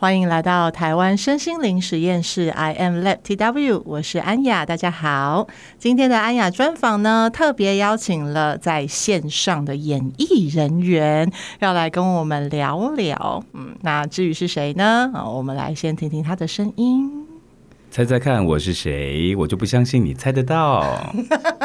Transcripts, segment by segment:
歡迎來到台灣身心靈實驗室，I am Lab TW，我是安雅，大家好。今天的安雅專訪呢，特別邀請了在線上的演藝人員，要來跟我們聊聊。嗯，那至於是誰呢？啊、哦，我們來先聽聽他的聲音，猜猜看我是誰？我就不相信你猜得到，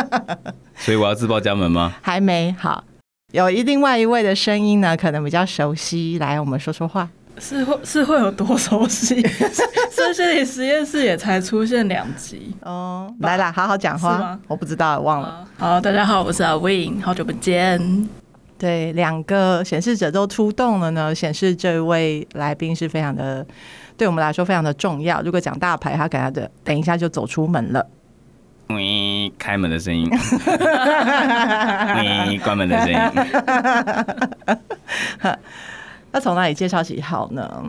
所以我要自報家門嗎？還沒，好，有另外一位的聲音呢，可能比較熟悉，來，我們說說話。是會是會有多熟悉？ 是這裡實驗室也才出現兩集哦、oh。來啦，好好講話。我不知道，忘了。好、uh, oh，大家好，我是阿 Win，好久不見。對，兩個顯示者都出動了呢。顯示這位來賓是非常的，對我們來說非常的重要。如果講大牌，他給他的等一下就走出門了。你開門的聲音。你 關門的聲音。 他從哪裡介紹起好呢？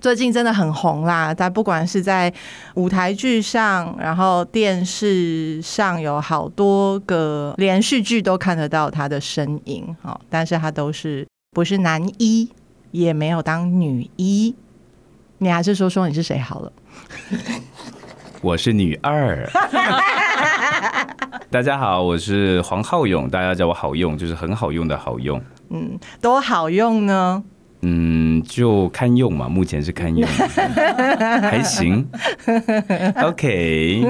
最近真的很紅啦！在不管是在舞台劇上，然後電視上有好多個連續劇都看得到他的身影。哈，但是他都是不是男一，也沒有當女一。你還是說說你是誰好了？我是女二。 大家好，我是黃浩詠，大家叫我好用，就是很好用的好用。嗯，多好用呢？嗯，就堪用嘛，目前是堪用，嗯、 還行。 OK，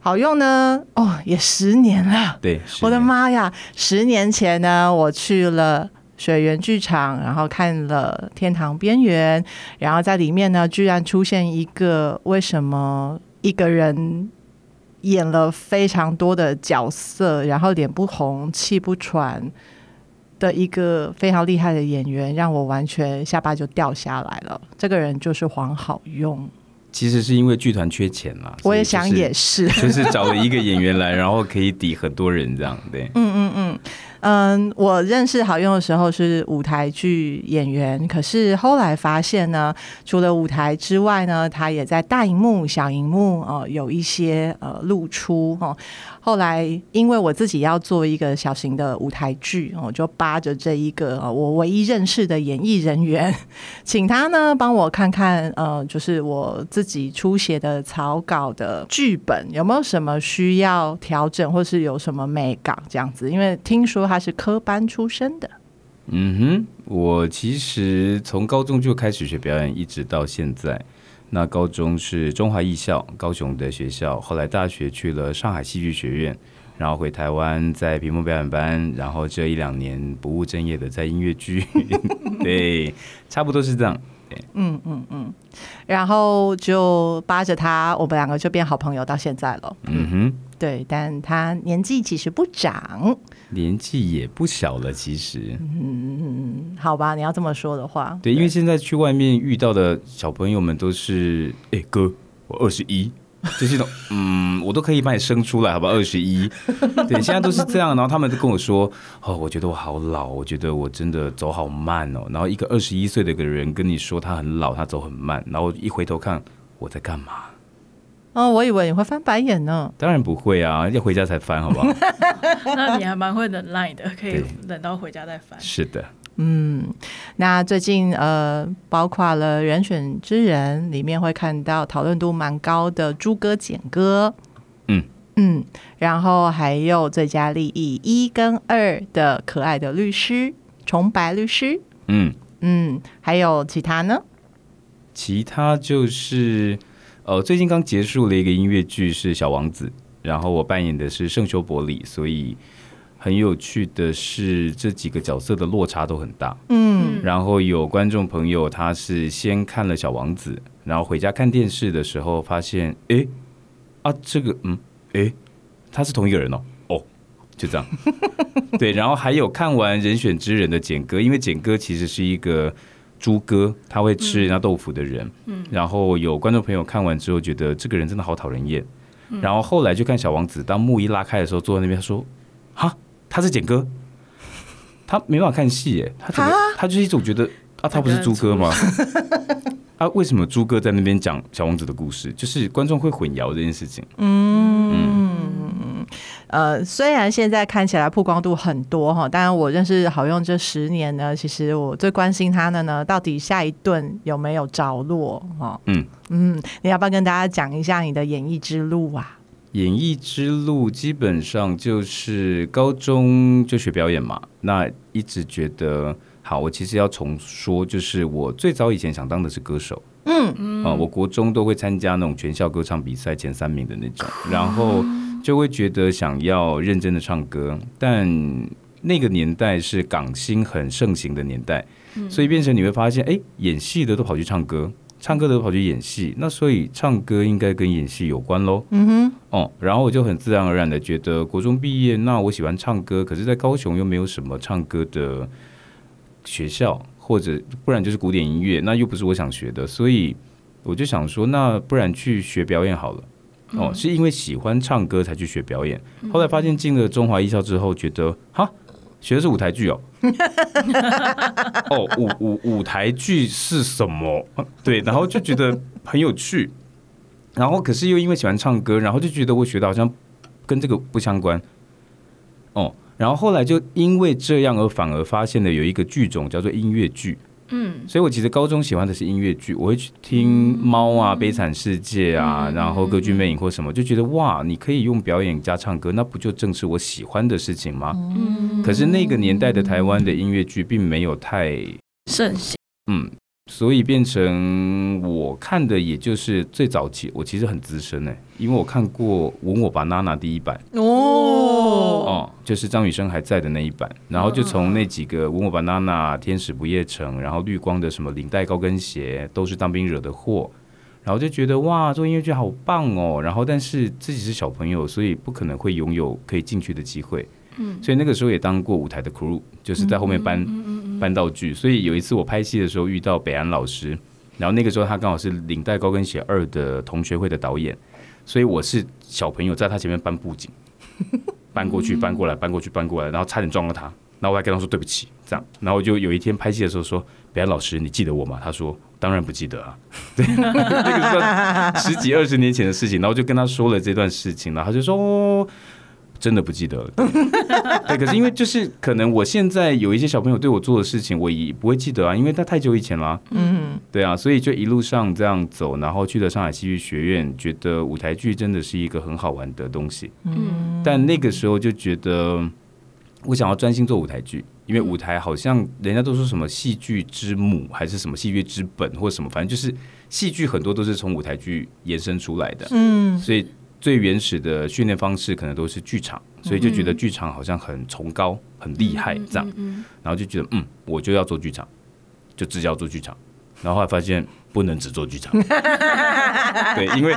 好用呢。哦，也十年了。對，我的媽呀！十年前呢，前呢我去了水源劇場，然後看了《天堂邊緣》，然後在裡面呢，居然出現一個為什麼一個人演了非常多的角色，然後臉不紅，氣不喘。的一個非常厲害的演員，讓我完全下巴就掉下來了。這個人就是黃好用，其實是因為劇團缺錢嘛，我也想也是，所以就是，也是，就是找了一個演員來， 然後可以抵很多人這樣，對，嗯嗯嗯。嗯，我認識好用的時候是舞台劇演員，可是後來發現呢，除了舞台之外呢，他也在大熒幕、小熒幕哦、呃、有一些呃露出哦。後來因為我自己要做一個小型的舞台劇哦、呃，就扒着這一個、呃、我唯一認識的演藝人員，請他呢幫我看看呃，就是我自己初寫的草稿的劇本有沒有什麼需要調整，或是有什麼美感這樣子，因為聽說還他是科班出身的，嗯哼，我其實從高中就開始學表演，一直到現在。那高中是中華藝校高雄的學校，後來大學去了上海戲劇學院，然後回台灣在屏風表演班，然後這一兩年不務正業的在音樂劇， 對，差不多是這樣。嗯嗯嗯，然後就扒着他，我們兩個就變好朋友到現在了。嗯哼，對，但他年紀其實不長。年紀也不小了，其實。嗯嗯嗯，好吧，你要這麼說的話。對。對，因為現在去外面遇到的小朋友們都是，哎哥，我二十一，就是那種， 嗯，我都可以把你生出來，好吧，二十一。對，現在都是這樣， 然後他們都跟我說，哦，我覺得我好老，我覺得我真的走好慢哦。然後一個二十一歲的一個人跟你說他很老，他走很慢，然後一回頭看，我在幹嘛？哦，我以為你會翻白眼呢？當然不會啊，要回家才翻，好不好？ 那你還蠻會忍耐的，可以忍到回家再翻。對，是的，嗯。那最近呃，包括了《人選之人》裡面會看到討論度蠻高的朱哥簡哥。嗯嗯，然後還有最佳利益一跟二的可愛的律師崇白律師，嗯嗯，還有其他呢？其他就是。呃，最近剛結束了一個音樂劇，是《小王子》，然後我扮演的是聖修伯里，所以很有趣的是這幾個角色的落差都很大。嗯，然後有觀眾朋友他是先看了《小王子》，然後回家看電視的時候發現，哎啊這個嗯，哎他是同一個人哦，哦就這樣。 對，然後還有看完《人選之人》的簡哥，因為簡哥其實是一個。豬哥，他會吃人家豆腐的人。嗯嗯，然後有觀眾朋友看完之後覺得這個人真的好討人厭，嗯、然後後來就看《小王子》，當幕一拉開的時候，坐在那邊他說：“哈，他是簡哥，他沒辦法看戲耶，他怎麼他就是一種覺得啊，他不是豬哥嗎？啊，為什麼豬哥在那邊講小王子的故事？就是觀眾會混淆這件事情。”嗯。呃，雖然現在看起來曝光度很多哈，但我認識好用這十年呢，其實我最關心他的呢，到底下一頓有沒有着落哈？嗯嗯，你要不要跟大家講一下你的演藝之路啊？演藝之路基本上就是高中就學表演嘛，那一直覺得好。我其實要重說，就是我最早以前想當的是歌手，嗯、呃、嗯啊，我國中都會參加那種全校歌唱比賽前三名的那種，嗯、然後。就會覺得想要認真的唱歌，但那個年代是港星很盛行的年代，嗯，所以變成你會發現，誒，演戲的都跑去唱歌，唱歌的都跑去演戲，那所以唱歌應該跟演戲有關嘍。嗯哼，哦，然後我就很自然而然的覺得，國中畢業，那我喜歡唱歌，可是在高雄又沒有什麼唱歌的學校，或者不然就是古典音樂，那又不是我想學的，所以我就想說，那不然去學表演好了。哦，是因為喜歡唱歌才去學表演，後來發現進了中華藝校之後，覺得哈，學的是舞台劇哦， 哦，舞舞舞台劇是什麼？對，然後就覺得很有趣，然後可是又因為喜歡唱歌，然後就覺得我學的好像跟這個不相關，哦，然後後來就因為這樣而反而發現了有一個劇種叫做音樂劇。嗯，所以我其實高中喜歡的是音樂劇，我會去聽貓、啊《貓》啊，《悲慘世界》啊，嗯、然後《歌劇魅影》或什麼，就覺得哇，你可以用表演加唱歌，那不就正是我喜歡的事情嗎？嗯，可是那個年代的台灣的音樂劇並沒有太盛行。嗯。所以變成我看的，也就是最早期，我其實很資深哎、欸，因為我看過《吻我吧，娜娜》第一版哦哦，就是張雨生還在的那一版，然後就從那幾個《吻我吧，娜娜》、哦《天使不夜城》，然後綠光的什麼領帶高跟鞋、都是當兵惹的禍，然後就覺得哇，做、這個、音樂劇好棒哦，然後但是自己是小朋友，所以不可能會擁有可以進去的機會，嗯，所以那個時候也當過舞台的 crew，就是在後面搬，嗯嗯嗯嗯，搬道具，所以有一次我拍戲的時候遇到北安老師，然後那個時候他剛好是《領帶高跟鞋二》的同學會的導演，所以我是小朋友在他前面搬布景，搬過去，搬過來，搬過去，搬過來，然後差點撞到他，然後我還跟他說對不起，這樣，然後我就有一天拍戲的時候說：“北安老師，你記得我嗎？”他說：“當然不記得啊，對 那個算十幾二十年前的事情。”然後就跟他說了這段事情，然後他就說，哦真的不記得了，對, 對，可是因為就是可能我現在有一些小朋友對我做的事情，我也不會記得啊，因為他太久以前了。嗯，對啊，所以就一路上這樣走，然後去了上海戲劇學院，嗯，覺得舞台劇真的是一個很好玩的東西。嗯，但那個時候就覺得我想要專心做舞台劇，因為舞台好像人家都說什麼戲劇之母，還是什麼戲劇之本，或什麼，反正就是戲劇很多都是從舞台劇延伸出來的。嗯，所以。最原始的訓練方式可能都是劇場，所以就覺得劇場好像很崇高，嗯、很厲害，嗯、這樣，然後就覺得嗯，我就要做劇場，就只要做劇場，然後後來發現不能只做劇場。 對，因為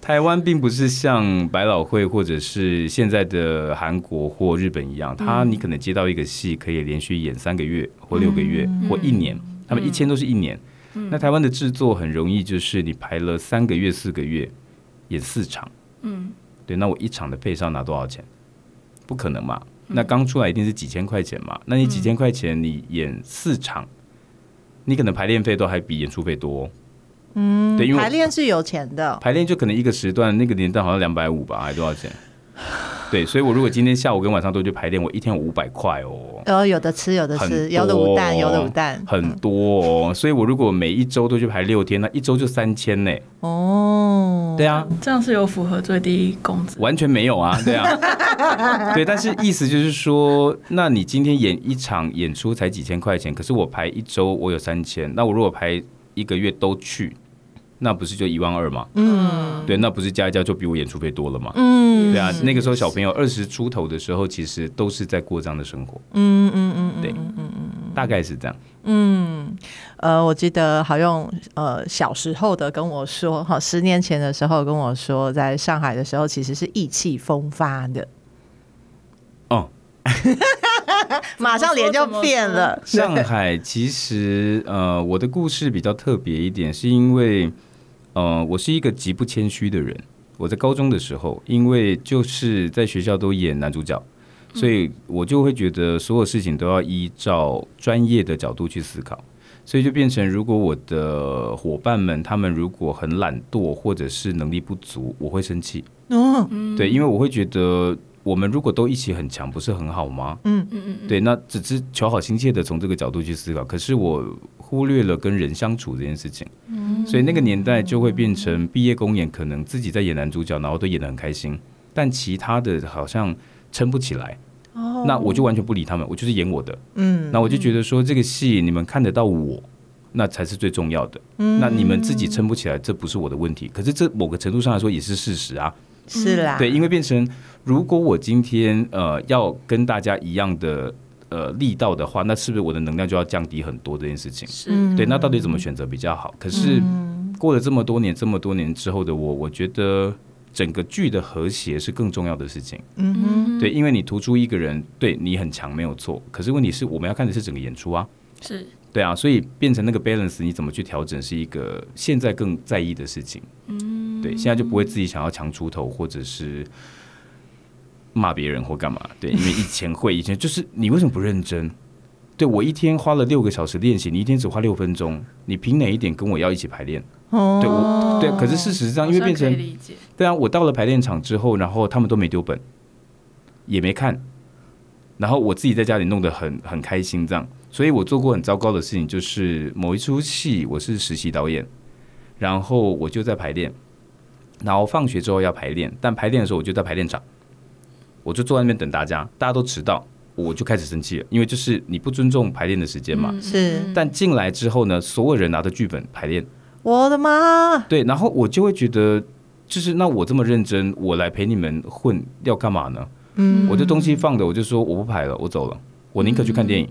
台灣並不是像百老匯或者是現在的韓國或日本一樣，嗯，他你可能接到一個戲可以連續演三個月或六個月或一年，嗯、他們一千都是一年。嗯、那台灣的制作很容易就是你排了三個月，四個月演四場。嗯，對，那我一場的配燒拿多少錢？不可能嘛？那剛出來一定是幾千塊錢嘛？那你幾千塊錢，你演四場、嗯，你可能排練費都還比演出費多。嗯，對，因為排練是有錢的，排練就可能一個時段，那個年代好像兩百五吧，還多少錢？嗯對，所以我如果今天下午跟晚上都去排練，我一天有五百塊哦。哦，有的吃，有的吃，有的滷蛋，有的滷蛋，很多。哦，所以，我如果每一周都去排六天，那一周就三千呢。哦，對啊，這樣是有符合最低工資？完全沒有啊，對啊。 對，但是意思就是說，那你今天演一場演出才幾千塊錢，可是我排一周我有三千，那我如果排一個月都去。那不是就一萬二嘛？嗯，對，那不是加一加就比我演出費多了嘛？嗯，對啊，那個時候小朋友二十出頭的時候，其實都是在過這樣的生活。嗯嗯嗯，對，嗯嗯嗯，大概是這樣。嗯，呃，我記得好用呃小時候的跟我說，哈，十年前的時候跟我說，在上海的時候其實是意氣風發的。哦， 馬上臉就變了。上海其實呃我的故事比較特別一點，是因為。嗯，我是一個極不謙虛的人。我在高中的時候，因為就是在學校都演男主角，所以我就會覺得所有事情都要依照專業的角度去思考。所以就變成，如果我的伙伴們他們如果很懶惰或者是能力不足，我會生氣。嗯、哦，對，因為我會覺得我們如果都一起很強，不是很好嗎？嗯嗯嗯，嗯，對。那只是求好心切的從這個角度去思考。可是我。忽略了跟人相處這件事情，所以那個年代就會變成畢業公演，可能自己在演男主角，然後都演得很開心，但其他的好像撐不起來。那我就完全不理他們，我就是演我的。那我就覺得說，這個戲你們看得到我，那才是最重要的。那你們自己撐不起來，這不是我的問題。可是這某個程度上來說也是事實啊。是啦，對，因為變成如果我今天呃要跟大家一樣的。呃，力道的話，那是不是我的能量就要降低很多？這件事情，是，對。那到底怎麼選擇比較好？可是過了這麼多年，嗯、這麼多年之後的我，我覺得整個劇的和諧是更重要的事情。嗯哼，對，因為你突出一個人對你很強沒有錯，可是問題是我們要看的是整個演出啊。是，對啊，所以變成那個 balance，你怎麼去調整是一個現在更在意的事情。嗯，對，現在就不會自己想要強出頭，或者是。罵別人或幹嘛？對，因為以前會，以前就是你為什麼不認真？對，我一天花了六個小時練習，你一天只花六分鐘，你憑哪一點跟我要一起排練？對，我對，對。可是事實上，因為變成對啊，我到了排練場之後，然後他們都沒丟本，也沒看，然後我自己在家裡弄得很很開心，這樣。所以我做過很糟糕的事情，就是某一出戲，我是實習導演，然後我就在排練，然後放學之後要排練，但排練的時候我就在排練場。我就坐在那邊等大家，大家都遲到，我就開始生氣了，因為就是你不尊重排練的時間嘛。嗯。是。但進來之後呢，所有人拿着劇本排練。我的媽！對，然後我就會覺得，就是那我這麼認真，我來陪你們混要幹嘛呢？嗯。我的東西放的，我就說我不排了，我走了，我寧可去看電影。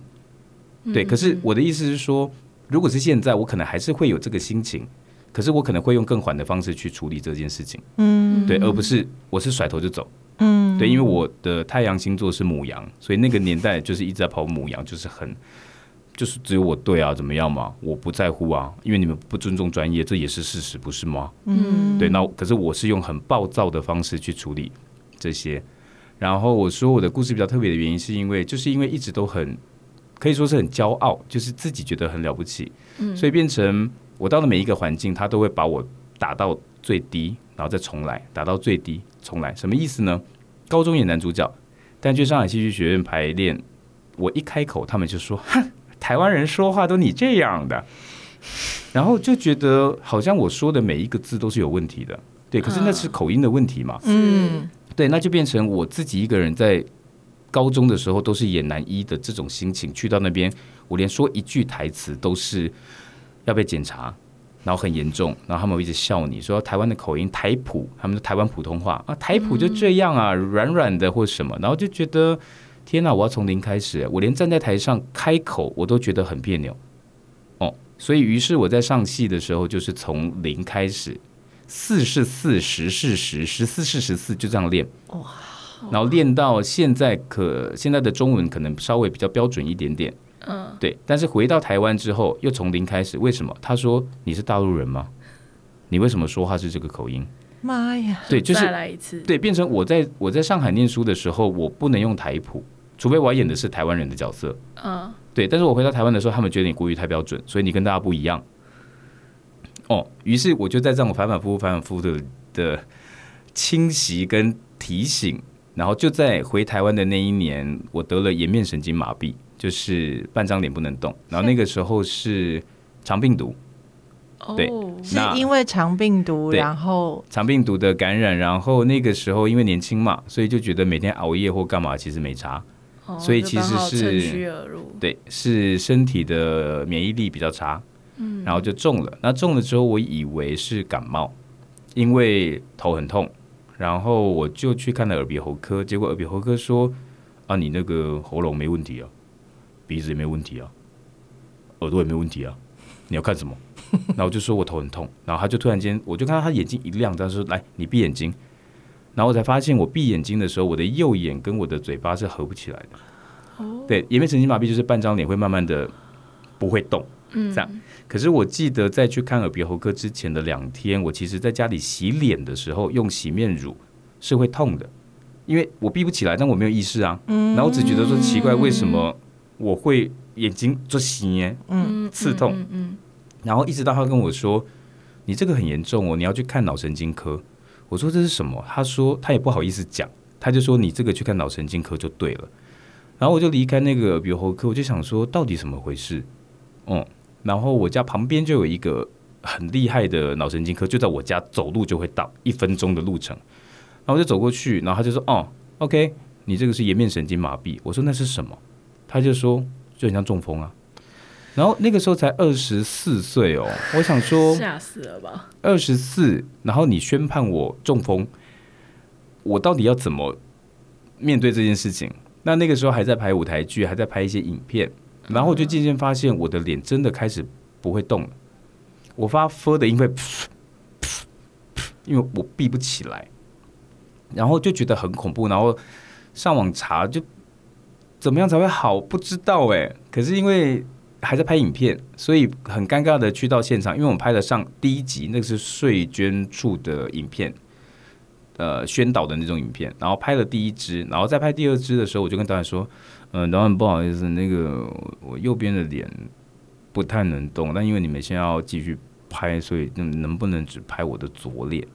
嗯嗯。對，可是我的意思是說，如果是現在，我可能還是會有這個心情，可是我可能會用更緩的方式去處理這件事情。嗯。對，而不是我是甩頭就走。嗯，對，因為我的太陽星座是牡羊，所以那個年代就是一直在跑牡羊，就是很，就是只有我對啊，怎麼樣嘛，我不在乎啊，因為你們不尊重專業，這也是事實，不是嗎？嗯，對，那可是我是用很暴躁的方式去處理這些，然後我說我的故事比較特別的原因，是因為就是因為一直都很可以說是很驕傲，就是自己覺得很了不起，所以變成我到了每一個環境，他都會把我打到最低，然後再重來，打到最低，重來，什麼意思呢？高中演男主角，但去上海戲劇學院排練，我一開口，他們就說：“哼，台灣人說話都你這樣的。”然後就覺得好像我說的每一個字都是有問題的。對，可是那是口音的問題嘛？Oh. 嗯，對，那就變成我自己一個人在高中的時候都是演男一的這種心情，去到那邊，我連說一句台詞都是要被檢查。然後很嚴重，然後他們會一直笑你說台灣的口音台普，他們說台灣普通話啊，台普就這樣啊、嗯、軟軟的或什麼，然後就覺得天哪，我要從零開始，我連站在台上開口我都覺得很別扭哦，所以於是我在上戲的時候就是從零開始，四是四，十是十，十四是十四，就這樣練，哇，然後練到現在，可現在的中文可能稍微比較標準一點點。嗯，對，但是回到台灣之後又從零開始，為什麼？他說你是大陸人嗎？你為什麼說話是這個口音？媽呀！對，就是再來一次。對，變成我在我在上海念書的時候，我不能用台普，除非我要演的是台灣人的角色。嗯，對，但是我回到台灣的時候，他們覺得你國語太標準，所以你跟大家不一樣。哦，於是我就在這樣我反反复覆、反反复复的，的侵襲跟提醒，然後就在回台灣的那一年，我得了顏面神經麻痹。就是半張臉不能動，然後那個時候是腸病毒，對、哦，是因為腸病毒，然後腸病毒的感染，然後那個時候因為年輕嘛，所以就覺得每天熬夜或幹嘛其實沒差，哦、所以其實是趁虛而入，對，是身體的免疫力比較差，嗯，然後就中了，那中了之後我以為是感冒，因為頭很痛，然後我就去看了耳鼻喉科，結果耳鼻喉科說啊，你那個喉嚨沒問題哦。鼻子也沒有問題啊，耳朵也沒有問題啊，你要看什麼？然後我就說我頭很痛， 然後他就突然間，我就看到他眼睛一亮，他說：“來，你閉眼睛。”然後我才發現，我閉眼睛的時候，我的右眼跟我的嘴巴是合不起來的、哦。對，顏面神經麻痹就是半張臉會慢慢的不會動，嗯，這樣。可是我記得在去看耳鼻喉科之前的兩天，我其實在家裡洗臉的時候用洗面乳是會痛的，因為我閉不起來，但我沒有意識啊，嗯，然後我只覺得說、嗯、奇怪，為什麼？我會眼睛作斜，嗯，刺痛，嗯、然後一直到他跟我說：“你這個很嚴重哦，你要去看腦神經科。”我說：“這是什麼？”他說：“他也不好意思講，他就說你這個去看腦神經科就對了。”然後我就離開那個耳鼻喉科，我就想說到底怎麼回事？哦，然後我家旁邊就有一個很厲害的腦神經科，就在我家走路就會到一分鐘的路程。然後我就走過去，然後他就說：“哦，OK，你這個是顏面神經麻痹。”我說：“那是什麼？”他就說，就很像中風啊，然後那個時候才二十四歲哦，我想說二十四，嚇死了吧，24, 然後你宣判我中風，我到底要怎麼面對這件事情？那那個時候還在拍舞台劇，還在拍一些影片，然後就漸漸發現我的臉真的開始不會動了，我發 “f” 的音會，因為我閉不起來，然後就覺得很恐怖，然後上網查就。怎麼樣才會好？不知道誒。可是因為還在拍影片，所以很尷尬的去到現場。因為我們拍的上第一集，那個是稅捐處的影片，呃，宣導的那種影片。然後拍了第一支，然後在拍第二支的時候，我就跟導演說：“嗯、呃，導演不好意思，那個我右邊的臉不太能動。但因為你們現在要繼續拍，所以能能不能只拍我的左臉？”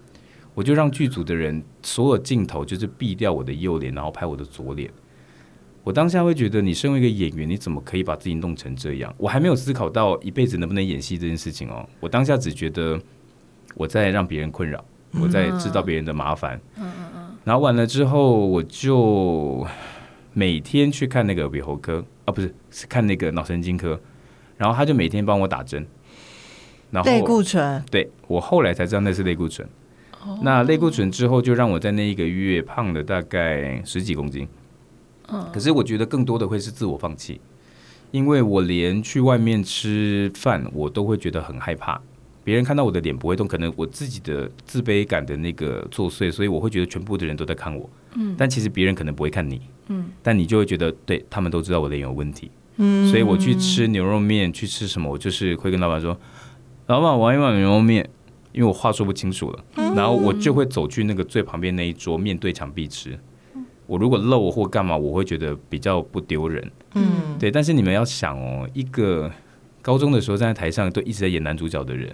我就讓劇組的人所有鏡頭就是避掉我的右臉，然後拍我的左臉。我當下會覺得，你身為一個演員，你怎麼可以把自己弄成這樣？我還沒有思考到一輩子能不能演戲這件事情哦。我當下只覺得我在讓別人困擾，我在制造別人的麻煩。嗯、啊、嗯嗯、啊。然後完了之後，我就每天去看那個耳鼻喉科啊，不是，是看那個腦神經科。然後他就每天幫我打針。然後。類固醇。對，我後來才知道那是類固醇。哦。那類固醇之後，就讓我在那一個月胖了大概十幾公斤。可是我覺得更多的會是自我放棄，因為我連去外面吃飯，我都會覺得很害怕。別人看到我的臉不會動，可能我自己的自卑感的那個作祟，所以我會覺得全部的人都在看我。但其實別人可能不會看你。嗯，但你就會覺得對，他們都知道我臉有問題。嗯。所以我去吃牛肉麵，去吃什麼，我就是會跟老闆說：“老闆，玩一碗牛肉麵。”因為我話說不清楚了，然後我就會走去那個最旁邊那一桌，面對牆壁吃。我如果漏或幹嘛，我會覺得比較不丟人。嗯，對。但是你們要想哦，一個高中的時候站在台上都一直在演男主角的人，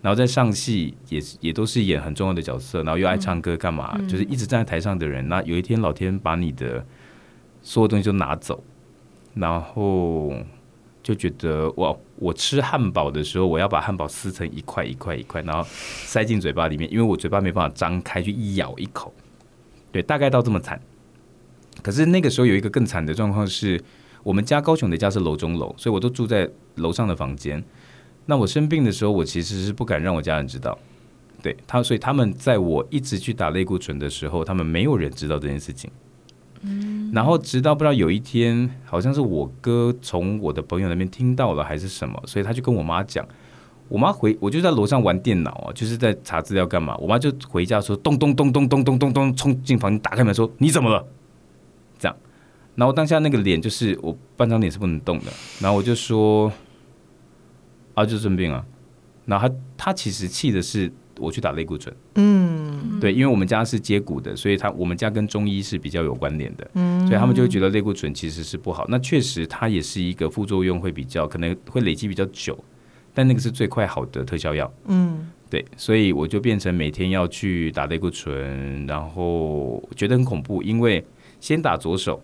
然後在上戲也也都是演很重要的角色，然後又愛唱歌幹嘛，嗯，就是一直站在台上的人，嗯，那有一天老天把你的所有東西都拿走，然後就覺得哇，我吃漢堡的時候，我要把漢堡撕成一塊一塊一塊，然後塞進嘴巴裡面，因為我嘴巴沒辦法張開去一咬一口。對，大概到這麼慘。可是那個時候有一個更慘的狀況是，我們家高雄的家是樓中樓，所以我都住在樓上的房間。那我生病的時候，我其實是不敢讓我家人知道，對他，所以他們在我一直去打類固醇的時候，他們沒有人知道這件事情。嗯，然後直到不知道有一天，好像是我哥從我的朋友那邊聽到了還是什麼，所以他就跟我媽講，我媽回我就在樓上玩電腦啊，就是在查資料幹嘛，我媽就回家說，咚咚咚咚咚咚咚咚，咚，咚，咚，咚，衝進房間打開門說，你怎麼了？然後當下那個臉就是我半張臉是不能動的，然後我就說，啊就是生病啊，然後他他其實氣的是我去打類固醇，嗯，對，因為我們家是接骨的，所以他我們家跟中醫是比較有關聯的，嗯，所以他們就會覺得類固醇其實是不好，那確實它也是一個副作用會比較可能會累積比較久，但那個是最快好的特效藥，嗯，對，所以我就變成每天要去打類固醇，然後覺得很恐怖，因為先打左手。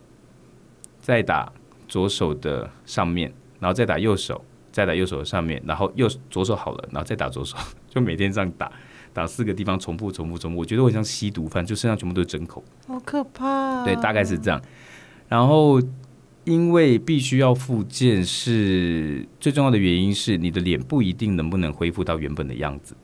再打左手的上面，然後再打右手，再打右手的上面，然後右左手好了，然後再打左手，就每天這樣打，打四個地方，重複重複重複。我覺得我像吸毒犯，就身上全部都是針孔，好可怕啊。對，大概是這樣。然後因為必須要復健是，是最重要的原因是你的臉不一定能不能恢復到原本的樣子，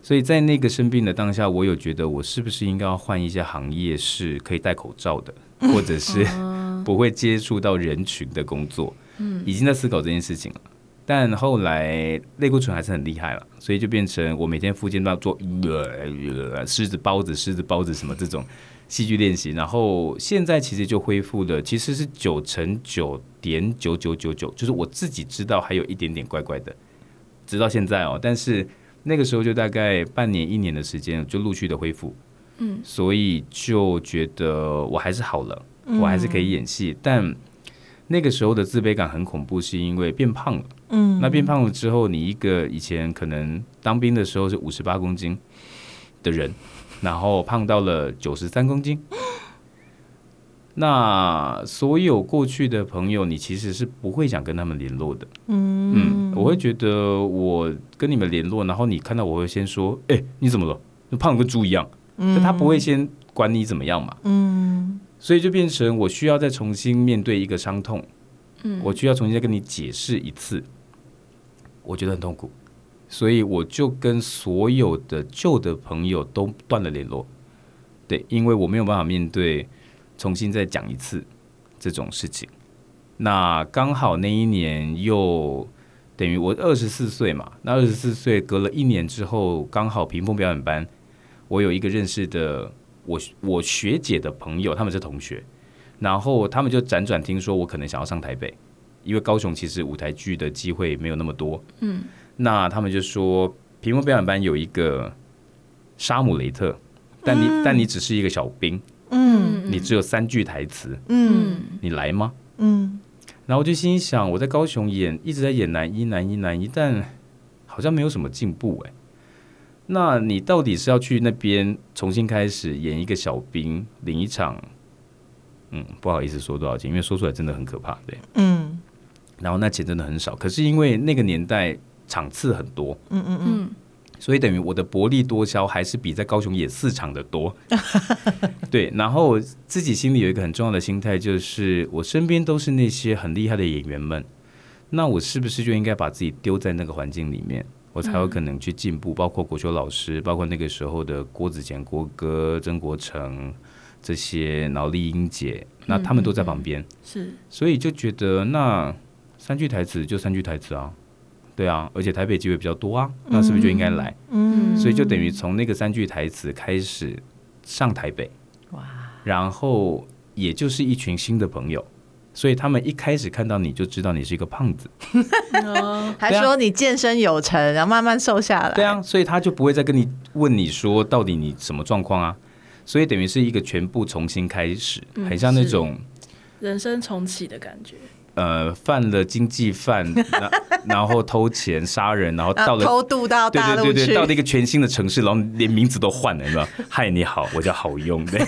所以在那個生病的當下，我有覺得我是不是應該要換一些行業是可以戴口罩的，或者是。 不會接觸到人群的工作，嗯，已經在思考這件事情了。嗯、但後來類固醇還是很厲害了，所以就變成我每天附近都要做呃呃呃獅子包子、獅子包子什麼這種戲劇練習。然後現在其實就恢復的，其實是九成九點九九九九，就是我自己知道還有一點點怪怪的，直到現在哦。但是那個時候就大概半年一年的時間就陸續的恢復，嗯，所以就覺得我還是好了。我還是可以演戲，嗯，但那個時候的自卑感很恐怖，是因為變胖了。嗯、那變胖了之後，你一個以前可能當兵的時候是五十八公斤的人，然後胖到了九十三公斤，嗯。那所有過去的朋友，你其實是不會想跟他們聯絡的。嗯，我會覺得我跟你們聯絡，然後你看到我會先說：“哎、欸，你怎麼了？你胖得跟豬一樣。嗯”他不會先管你怎麼樣嘛。嗯。所以就變成我需要再重新面對一個傷痛，嗯，我需要重新再跟你解釋一次，我覺得很痛苦，所以我就跟所有的舊的朋友都斷了聯絡，對，因為我沒有辦法面對重新再講一次這種事情。那剛好那一年又等於我二十四歲嘛，那二十四歲隔了一年之後，剛好屏風表演班，我有一個認識的。我我學姐的朋友他們是同學，然後他們就輾轉聽說我可能想要上台北，因為高雄其實舞台劇的機會沒有那麼多。嗯，那他們就說，屏風表演班有一個《莎姆雷特》，但你、嗯、但你只是一個小兵，嗯，你只有三句台詞，嗯，你來嗎？嗯，然後我就心想，我在高雄演一直在演男一男一男一，但好像沒有什麼進步哎、欸。那你到底是要去那邊重新開始演一個小兵，領一場？嗯，不好意思說多少錢，因為說出來真的很可怕，對。嗯，然後那錢真的很少，可是因為那個年代場次很多，嗯嗯嗯，所以等於我的薄利多銷還是比在高雄演四場的多。 對，然後我自己心裡有一個很重要的心態，就是我身邊都是那些很厲害的演員們，那我是不是就應該把自己丟在那個環境裡面？我才有可能去進步、嗯，包括國修老師，包括那個時候的郭子賢、郭哥、曾國城這些腦力英姐、嗯。那他們都在旁邊、嗯，是，所以就覺得那三句台詞就三句台詞啊，對啊，而且台北機會比較多啊，那是不是就應該來？嗯，所以就等於從那個三句台詞開始上台北，哇，然後也就是一群新的朋友。所以他們一開始看到你就知道你是一個胖子，還說你健身有成，然後慢慢瘦下來。對啊，啊、所以他就不會再跟你問你說到底你什麼狀況啊？所以等於是一個全部重新開始，很像那種人生重啟的感覺。呃，犯了經濟犯，然後偷錢殺人，然後到了偷渡到大陸，對對對對，到了一個全新的城市，然後連名字都換了，你知道嗨，你好，我叫好用。對，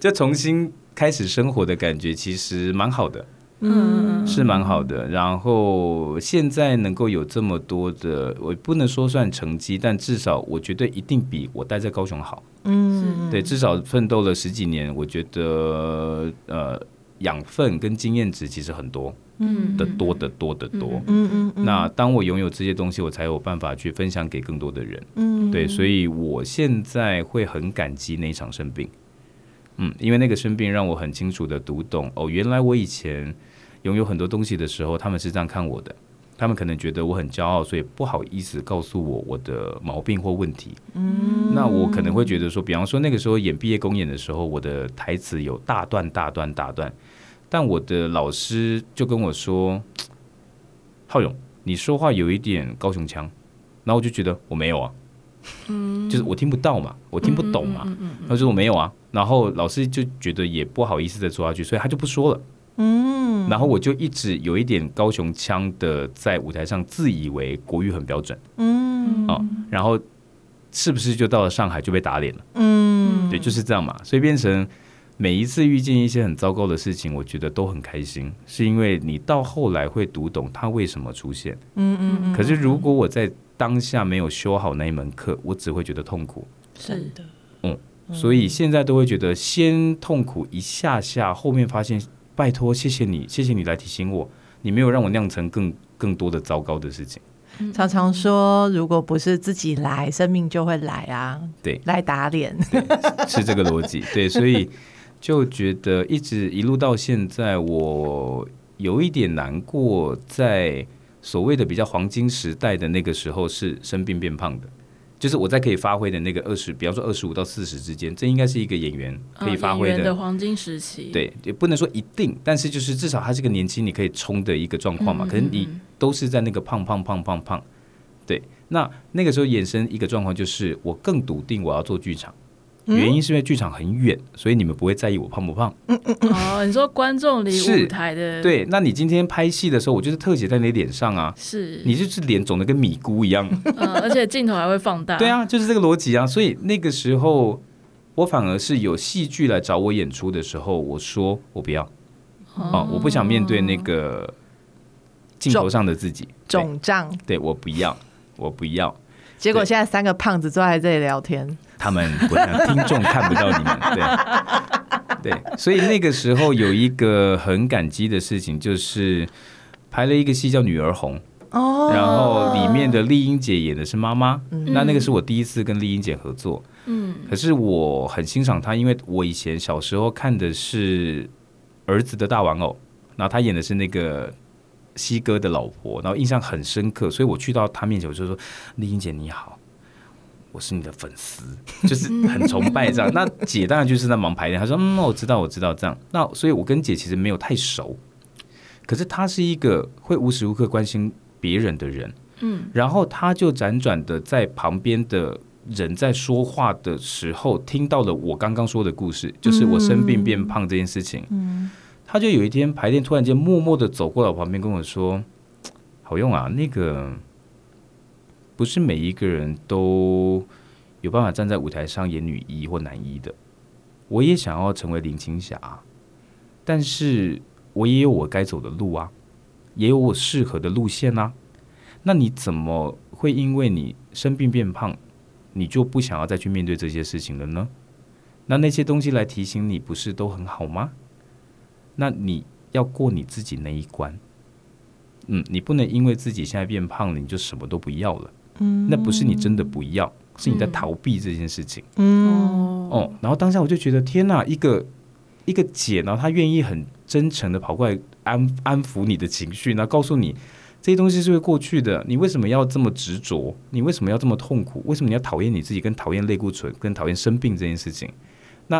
就重新。開始生活的感覺，其實蠻好的，嗯，是蠻好的。然後現在能夠有這麼多的，我不能說算成績，但至少我覺得一定比我待在高雄好，嗯，對，至少奮鬥了十幾年，我覺得呃，養分跟經驗值其實很多，嗯，的多的多的多，嗯嗯。那當我擁有這些東西，我才有辦法去分享給更多的人，嗯，對，所以我現在會很感激那一場生病。嗯，因為那個生病讓我很清楚的讀懂哦，原來我以前擁有很多東西的時候，他們是這樣看我的，他們可能覺得我很驕傲，所以不好意思告訴我我的毛病或問題。嗯、那我可能會覺得說，比方說那個時候演畢業公演的時候，我的台詞有大段大段大段，但我的老師就跟我說，浩詠，你說話有一點高雄腔，然後我就覺得我沒有啊，嗯、就是我聽不到嘛，我聽不懂嘛，他、嗯嗯嗯嗯嗯、說我沒有啊。然後老師就覺得也不好意思再說下去，所以他就不說了。嗯，然後我就一直有一點高雄腔的在舞台上，自以為國語很標準。嗯，哦，然後是不是就到了上海就被打臉了？嗯，對，就是這樣嘛。所以變成每一次遇見一些很糟糕的事情，我覺得都很開心，是因為你到後來會讀懂他為什麼出現。嗯嗯，嗯。可是如果我在當下沒有修好那一門課，我只會覺得痛苦。是的。所以現在都會覺得先痛苦一下下，後面發現，拜托，謝謝你，謝謝你來提醒我，你沒有讓我釀成更更多的糟糕的事情。嗯。常常說，如果不是自己來，生命就會來啊。對，來打臉，是這個邏輯。 對，所以就覺得一直一路到現在，我有一點難過，在所謂的比較黃金時代的那個時候，是生病變胖的。就是我在可以發揮的那個二十，比方說二十五到四十之間，這應該是一個演員可以發揮的黃金時期。對，也不能說一定，但是就是至少他是個年輕，你可以衝的一個狀況嘛。可能你都是在那個胖胖胖胖胖，對。那那個時候衍生一個狀況就是，我更篤定我要做劇場。嗯、原因是因為劇場很遠，所以你們不會在意我胖不胖。哦，你說觀眾離舞台的。對，那你今天拍戲的時候，我就是特寫在你臉上啊。是，你就是臉腫得跟米姑一樣。嗯，而且鏡頭還會放大。 對啊，就是這個邏輯啊。所以那個時候，我反而是有戲劇來找我演出的時候，我說我不要哦、啊，我不想面對那個鏡頭上的自己腫脹。對，對我不要，我不要。結果現在三個胖子坐在這裡聊天，他們不能聽眾 看不到你們，對，對，所以那個時候有一個很感激的事情，就是拍了一個戲叫《女兒紅》哦，然後裡面的麗英姐演的是媽媽，嗯，那那個是我第一次跟麗英姐合作，嗯，可是我很欣賞她，因為我以前小時候看的是《兒子的大玩偶》，然後她演的是那個。西哥的老婆，然後印象很深刻，所以我去到他面前，我就說：“麗英姐你好，我是你的粉絲，就是很崇拜這樣。 ”那姐當然就是在忙排練，她說：“嗯，我知道，我知道這樣。那”那所以，我跟姐其實沒有太熟，可是她是一個會無時無刻關心別人的人，嗯。然後她就輾轉的在旁邊的人在說話的時候，聽到了我剛剛說的故事，就是我生病變胖這件事情，嗯。嗯他就有一天排練，突然間默默的走過來我旁邊，跟我說：“好用啊，那個不是每一個人都有辦法站在舞台上演女一或男一的。我也想要成為林青霞，但是我也有我該走的路啊，也有我適合的路線啊。那你怎麼會因為你生病變胖，你就不想要再去面對這些事情了呢？那那些東西來提醒你，不是都很好嗎？”那你要過你自己那一關，嗯，你不能因為自己現在變胖了，你就什麼都不要了，嗯，那不是你真的不要，是你在逃避這件事情，嗯，嗯哦，然後當下我就覺得天哪，啊，一個一個姐，然後她願意很真誠的跑過來安安撫你的情緒，那告訴你這些東西是會過去的，你為什麼要這麼執着？你為什麼要這麼痛苦？為什麼你要討厭你自己，跟討厭類固醇，跟討厭生病這件事情？那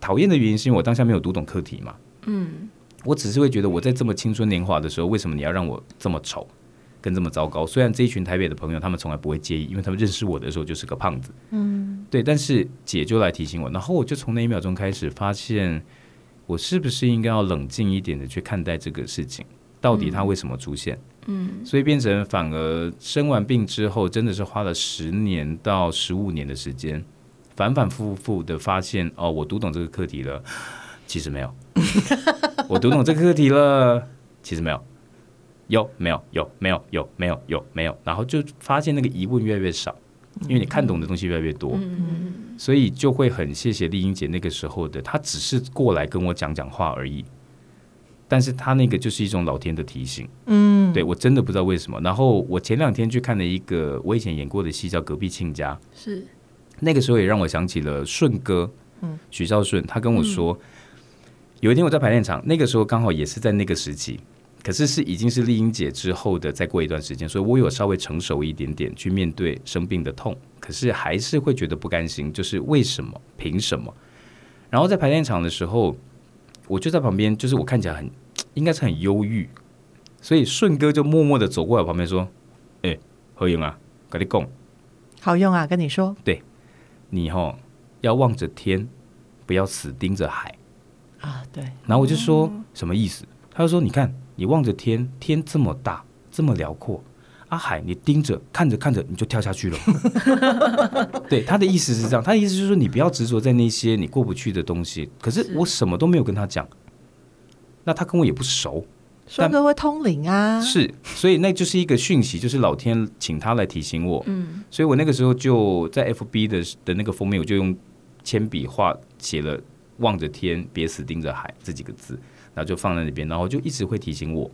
討厭的原因是因為，我當下沒有讀懂課題嘛。嗯，我只是會覺得我在這麼青春年華的時候，為什麼你要讓我這麼醜，跟這麼糟糕？雖然這一群台北的朋友他們從來不會介意，因為他們認識我的時候就是個胖子。嗯，對。但是姐就來提醒我，然後我就從那一秒鐘開始發現，我是不是應該要冷靜一點的去看待這個事情，到底他為什麼出現？嗯，嗯，所以變成反而生完病之後，真的是花了十年到十五年的時間，反反复复的發現哦，我讀懂這個課題了，其實沒有。 我讀懂這個課題了，其實沒有，有沒有有沒有有沒有有沒有，然後就發現那個疑問越來越少，因為你看懂的東西越來越多，所以就會很謝謝麗英姐那個時候的，她只是過來跟我講講話而已，但是她那個就是一種老天的提醒，嗯，對，我真的不知道為什麼。然後我前兩天去看了一個我以前演過的戲，叫《隔壁親家》，是那個時候也讓我想起了順哥，嗯，徐少順，他跟我說。有一天我在排練場，那個時候剛好也是在那個時期，可是是已經是麗英姐之後的再過一段時間，所以我有稍微成熟一點點去面對生病的痛，可是還是會覺得不甘心，就是為什麼，憑什麼？然後在排練場的時候，我就在旁邊，就是我看起來很應該是很憂鬱，所以順哥就默默的走過來旁邊說：“哎、欸，好用啊，趕緊共，好用啊，跟你說，對你哦，要望着天，不要死盯着海。”啊，對。然後我就說什麼意思？嗯、他就說：“你看，你望着天，天這麼大，這麼遼闊。阿、啊、海，你盯着看着看着，你就跳下去了。 ”對，他的意思是這樣。他的意思就是說，你不要執着在那些你過不去的東西。可是我什麼都沒有跟他講。那他跟我也不熟。帥哥會通靈啊。是，所以那就是一個訊息，就是老天請他來提醒我。嗯。所以我那個時候就在 FB 的的那個封面，我就用鉛筆畫寫了。望着天，別死盯着海，這幾個字，然後就放在那邊，然後就一直會提醒我。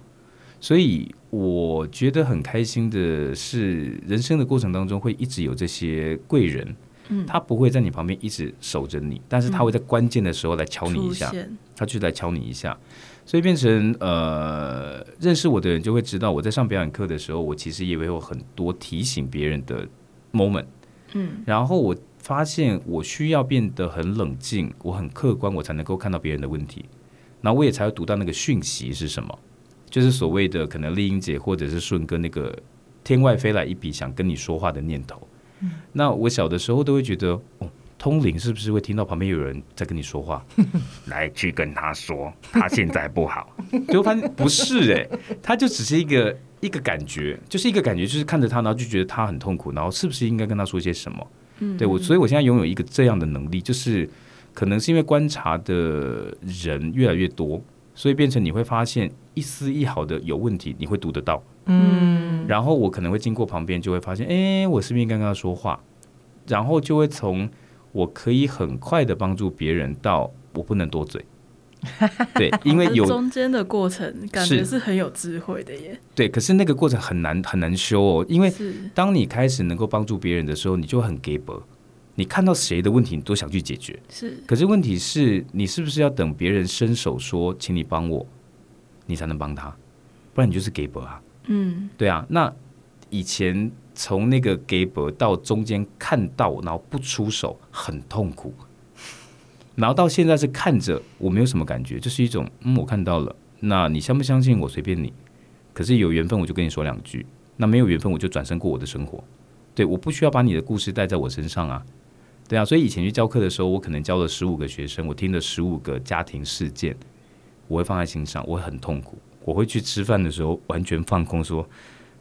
所以我覺得很開心的是，人生的過程當中會一直有這些貴人，嗯，他不會在你旁邊一直守着你，但是他會在關鍵的時候來敲你一下，嗯，他就來敲你一下。所以變成呃，認識我的人就會知道，我在上表演課的時候，我其實也會有很多提醒別人的 moment，嗯，然後我。發現我需要變得很冷靜，我很客觀，我才能夠看到別人的問題，那我也才會讀到那個訊息是什麼，就是所謂的可能麗英姐或者是順哥那個天外飛來一筆想跟你說話的念頭，嗯。那我小的時候都會覺得，哦，通靈是不是會聽到旁邊有人在跟你說話？ 來去跟他說他現在不好，結果 發現不是哎，欸，他就只是一個一個感覺，就是一個感覺，就是看着他，然後就覺得他很痛苦，然後是不是應該跟他說些什麼？對我，所以我現在擁有一個這樣的能力，就是可能是因為觀察的人越來越多，所以變成你會發現一絲一毫的有問題，你會讀得到。嗯，然後我可能會經過旁邊，就會發現，哎，我是不是應該跟他說話？然後就會從我可以很快的幫助別人，到我不能多嘴。 對，因為有中間的過程，感覺是很有智慧的耶。對，可是那個過程很難很難修哦，因為當你開始能夠幫助別人的時候，你就很 giver，你看到誰的問題，你都想去解決。是，可是問題是你是不是要等別人伸手說，請你幫我，你才能幫他，不然你就是 giver 啊。嗯，對啊。那以前從那個 giver 到中間看到然後不出手，很痛苦。然後到現在是看着我沒有什麼感覺，就是一種嗯，我看到了。那你相不相信我隨便你，可是有緣分我就跟你說兩句，那沒有緣分我就轉身過我的生活。對，我不需要把你的故事帶在我身上啊，對啊。所以以前去教課的時候，我可能教了十五個學生，我聽了十五個家庭事件，我會放在心上，我會很痛苦，我會去吃飯的時候完全放空說，說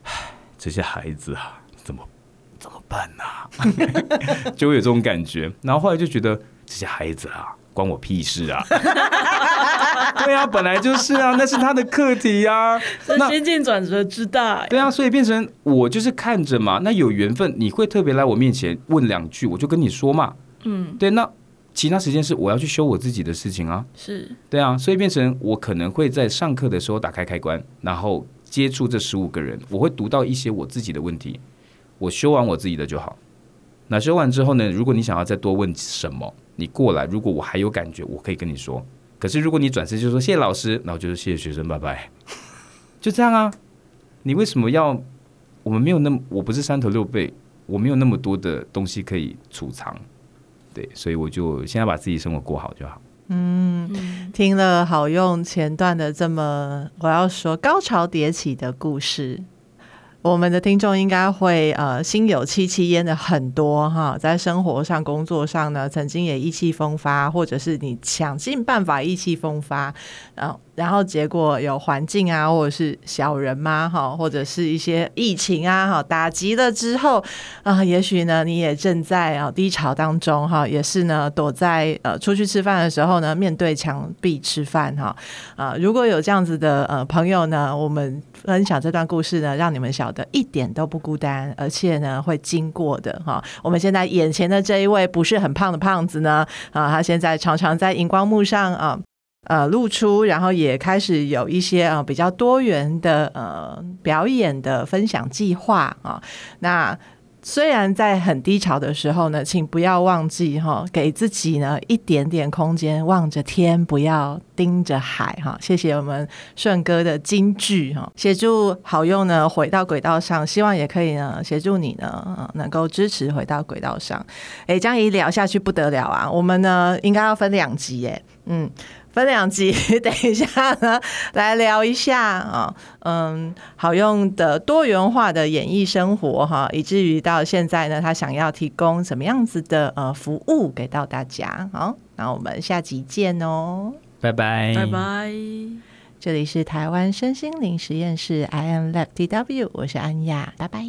唉，這些孩子啊，怎麼怎麼辦呢？啊？ 就會有這種感覺。然後後來就覺得。這些孩子啊，關我屁事啊！ 對啊，本來就是啊，那是他的課題啊。 那先進轉折之大，對啊，所以變成我就是看着嘛。那有緣分，你會特別來我面前問兩句，我就跟你說嘛。嗯，對。那其他時間是我要去修我自己的事情啊。是，對啊，所以變成我可能會在上課的時候打開開關，然後接觸這十五個人，我會讀到一些我自己的問題，我修完我自己的就好。那修完之後呢？如果你想要再多問什麼？你過來，如果我還有感覺，我可以跟你說。可是如果你轉身就說謝謝老師，然後就是謝謝學生，拜拜，就這樣啊。你為什麼要？我們沒有那麼，我不是三頭六臂，我沒有那麼多的東西可以儲藏。對，所以我就先要把自己生活過好就好。嗯，聽了好用前段的這麼，我要說高潮迭起的故事。我們的聽眾應該會呃心有戚戚焉的很多哈，在生活上、工作上呢，曾經也意氣風發，或者是你想盡辦法意氣風發，呃然後結果有環境啊，或者是小人嘛哈，或者是一些疫情啊哈，打擊了之後啊，也許呢你也正在啊低潮當中哈、啊，也是呢躲在呃出去吃飯的時候呢，面對牆壁吃飯哈啊，如果有這樣子的呃朋友呢，我們分享這段故事呢，讓你們曉得一點都不孤單，而且呢會經過的哈、啊。我們現在眼前的這一位不是很胖的胖子呢啊，他現在常常在熒光幕上啊。呃，露出，然後也開始有一些呃比較多元的呃表演的分享計劃啊、哦。那雖然在很低潮的時候呢，請不要忘記哈、哦，給自己呢一點點空間，望着天，不要盯着海哈、哦。謝謝我們順哥的金句哈、哦，協助好用呢回到軌道上，希望也可以呢協助你呢能夠支持回到軌道上。誒，這樣一聊下去不得了啊，我們呢應該要分兩集耶，嗯。分兩集，等一下呢，來聊一下啊，嗯，好用的多元化的演藝生活哈，以至於到現在呢，他想要提供什麼樣子的呃服務給到大家，好，那我們下集見哦，拜拜，拜拜，這裡是台灣身心靈實驗室，I am Lab TW，我是安雅，拜拜。